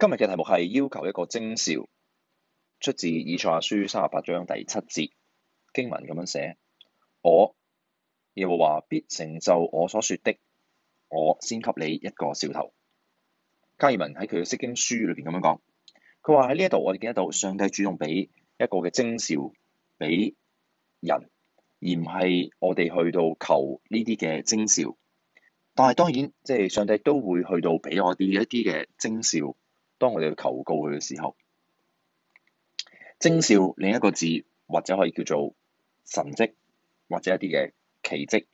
今日嘅題目係要求一個徵兆，出自以賽亞書三十八章第七節，經文咁樣寫，我耶和華必成就我所說的，我先給你一個兆頭。加爾文喺佢嘅釋經書裏邊咁樣講，佢話喺呢一度我哋見得到上帝主動俾一個嘅徵兆俾人，而唔係我哋去到求呢啲嘅徵兆。但係當然，即、就、係、是、上帝都會去到俾我哋一啲嘅徵兆。當我哋去求告佢嘅時候，徵兆另一個字，或者可以叫做神跡，或者一啲嘅奇跡，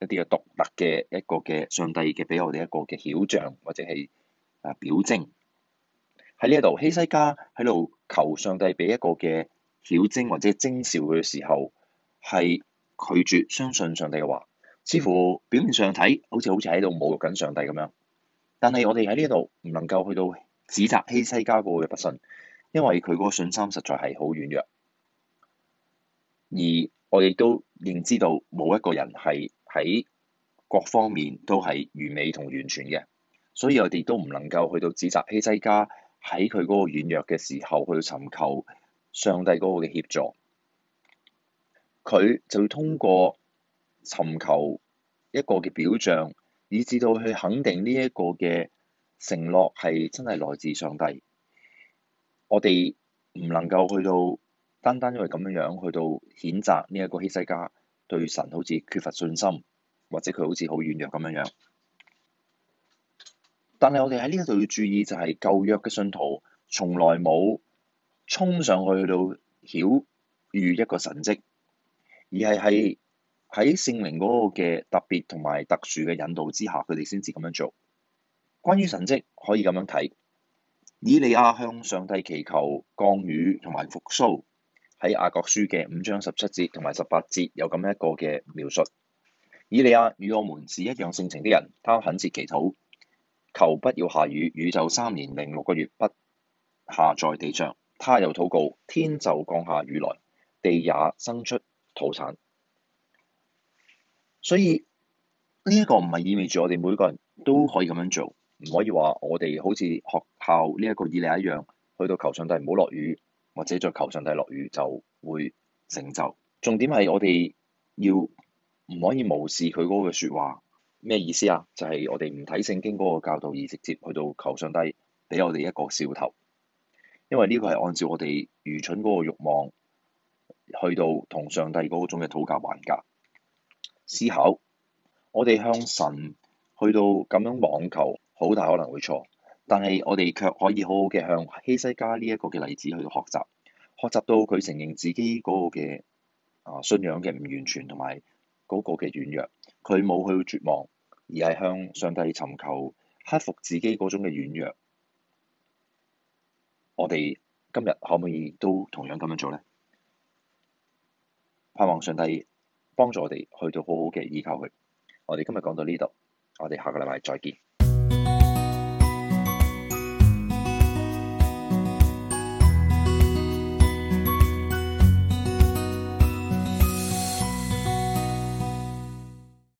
一啲嘅獨特嘅一個嘅上帝嘅俾我哋一個嘅曉象，或者係啊表徵。喺呢一度希西家喺度求上帝俾一個嘅曉徵或者徵兆佢嘅時候，係拒絕相信上帝嘅話，似乎表面上睇好似好似喺度侮辱緊上帝咁樣，但係我哋喺呢一度唔能夠去到。指責希西家個嘅不信，因為佢嗰個信心實在係好軟弱，而我亦都認知道冇一個人係喺各方面都係完美同完全嘅，所以我哋都唔能夠去到指責希西家喺佢嗰個軟弱嘅時候去尋求上帝嗰個嘅協助，佢就會通過尋求一個嘅表象，以至到去肯定呢一個嘅。承諾係真係來自上帝，我哋唔能夠去到單單因為咁樣樣去到譴責呢一個希西家對神好似缺乏信心，或者佢好似好軟弱咁樣樣。但係我哋喺呢一度要注意就係舊約嘅信徒從來冇衝上去去到曉遇一個神蹟，而係喺喺聖靈嗰度嘅特別同埋特殊嘅引導之下，佢哋先至咁樣做。關於神蹟，可以咁樣睇，以利亞向上帝祈求降雨同埋復甦，喺雅各書嘅五章十七節同埋十八節有咁樣一個嘅描述。以利亞與我們是一樣性情的人，他懇切祈禱，求不要下雨，宇宙三年零六個月不下在地上。他又禱告，天就降下雨來，地也生出土產。所以呢一個唔係意味住我哋每個人都可以咁樣做。唔可以話我哋好似學校呢一個以例一樣，去到求上帝唔好落雨，或者在求上帝落雨就會成就。重點係我哋要唔可以無視佢嗰個説話咩意思啊？就係、是、我哋唔睇聖經嗰個教導，而直接去到求上帝俾我哋一個兆頭，因為呢個係按照我哋愚蠢嗰個慾望去到同上帝嗰種嘅討價還價思考。我哋向神去到咁樣妄求，好大可能會錯，但係我哋卻可以好好嘅向希西家呢一個嘅例子去學習，學習到佢承認自己嗰個嘅啊信仰嘅唔完全同埋嗰個嘅軟弱，佢冇去絕望，而係向上帝尋求克服自己嗰種嘅軟弱。我哋今日可唔可以都同樣咁樣做咧？盼望上帝幫助我哋去到好好嘅依靠佢。我哋今日講到呢度，我哋下個禮拜再見。